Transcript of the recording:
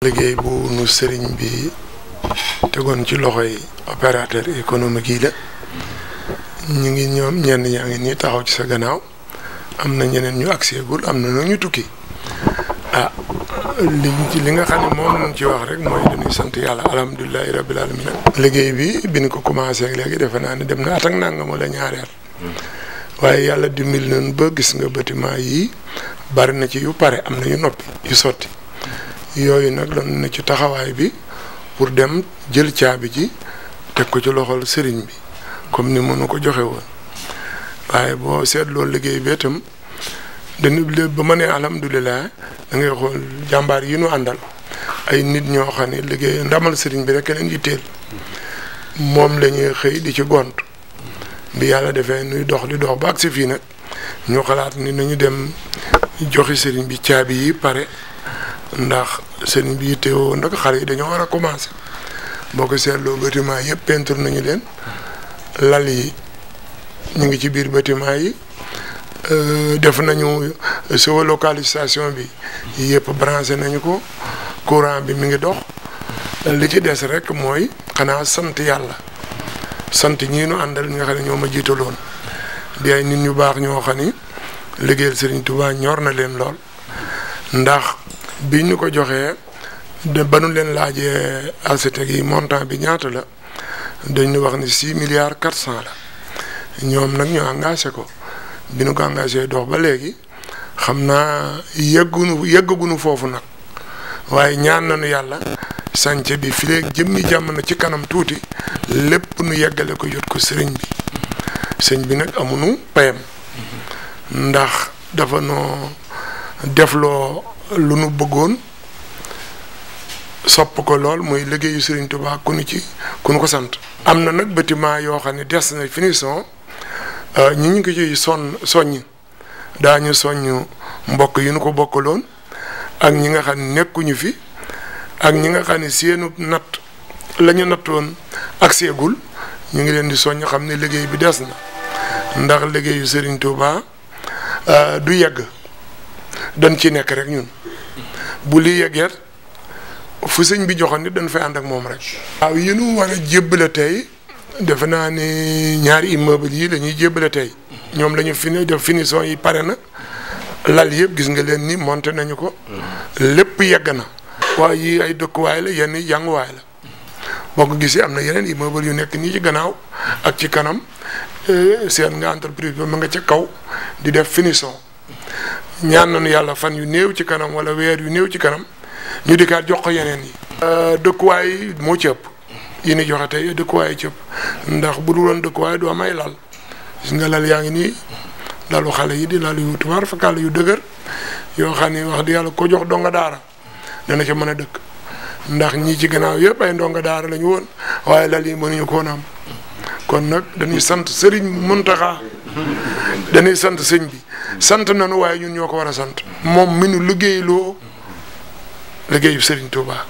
liggéey bu nu sëriñ bi tegoon ci loxoy opérateur économique yi la ñu ngi ñoom ñenn ñaa ngi nii taxaw ci sa gannaaw am na ñeneen ñu accès gul am na nag ñu tukki ah liñ li nga xam ne moom lañ ci wax rek mooy dañuy sant yàlla alhamdulilahi rabbil alamin liggéey bi bi ko commencé ak léegi defe naa ne dem na naa nga nangam wala ñaareel waaye yàlla di nañ ba gis nga bâtiment yi bari na ci yu pare am na yu noppi yu sotti. yooyu nag la ne ci taxawaay bi pour dem jël caabi ji teg ko ci loxol sëriñ bi comme ni mënu ko joxe woon waaye boo seetloo liggéey bi itam dañu ba ma nee alhamdulilah da ngay xool jàmbaar yi ñu àndal ay nit ñoo xam ne liggéey ndamal sëriñ bi rek leen yitteel moom la xëy di ci gont bi yàlla defee nuy dox di dox ba ak si fii nag ñu xalaat ni nañu dem joxe sëriñ bi caabi yi pare ndax sëriñ bi yittewoo nag xale yi dañoo war a commencé boo ko seetloo bâtiment yëpp peinture nañu leen lal yi ñu ngi ci biir bâtiment yi euh, def nañu euh, suba localisation bi yëpp branché nañu ko courant bi mi ngi dox li ci des rek mooy xanaa sant yàlla sant ñii nu àndal ñi nga xam ne ñoo ma jiitaloon di ay nit ñu baax ñoo xam ni liggéeyal Sëriñ Tuubaa ñor na leen lool ndax bi ñu ko joxee de ba nu leen laajee alsete gi montant bi ñaata la dañ ñu wax ni six milliards quatre cent la ñoom nag ñu engagé ko bi ñu ko engagé dox ba léegi xam naa yëggunu yëggagunu foofu nag waaye ñaan nañu yàlla sànce bi fileeg jëmmi jamono ci kanam tuuti lépp nu yeggale ko yot ko sëriñ bi sëñ bi nag amunu payam mm-hmm. ndax dafa noo defloo lu nu bëggoon sopp ko lool muy liggéeyu Serigne Touba ku nu ci ku nu ko sant. am na nag bâtiment yoo xam ne des na finition euh, ñi ñu ngi ci sonn soññ daañu soññ mbokk yi nu ko bokkaloon ak ñi nga xam ne nekkuñu fi ak ñi nga xam ne seenu natt la ñu nattoon ak seegul ñu ngi leen di soññ xam ne liggéey bi des na ndax liggéeyu Serigne Touba euh, du yegg. dañ ci nekk rek ñun bu li yeggee fu sëñ bi joxoon ni dañ fay ànd ak moom rek. waaw yi war a jébbale tey defe naa ni ñaari immeuble yi la ñuy jébbale tey ñoom la ñu fini def finition yi pare na lal yëpp gis nga leen ni monté nañu ko lépp yegg na. waaw yi ay dëkkuwaay la yenn jànguwaay la boo ko gisee am na yeneen immeuble yu nekk nii ci gannaaw ak ci kanam eh, seen nga entreprise bi mu nga ci kaw di def finition. ñaan nañu yàlla fan yu néew ci kanam wala weer yu néew ci kanam ñu dikkaat jox ko yeneen yi. Euh, dëkkuwaay moo ci ëpp yi ni joxe tey dëkkuwaay ci ëpp ndax bu dul woon dëkkuwaay du am ay lal gis nga lal yaa ngi nii lalu xale yi di lal yu fakal yu dëgër yoo xam ne wax di yàlla ko jox donga daara dana ca mën a dëkk ndax ñii ci gannaaw yëpp ay ndonga daara la ñu woon waaye lal yi mënuñu koon am kon nag dañuy sant Serigne Mountakha dañuy sant sëñ bi. sant nañu waaye ñun ñoo ko war a sant moom mi nu liggéeyloo liggéeyu Serigne Touba.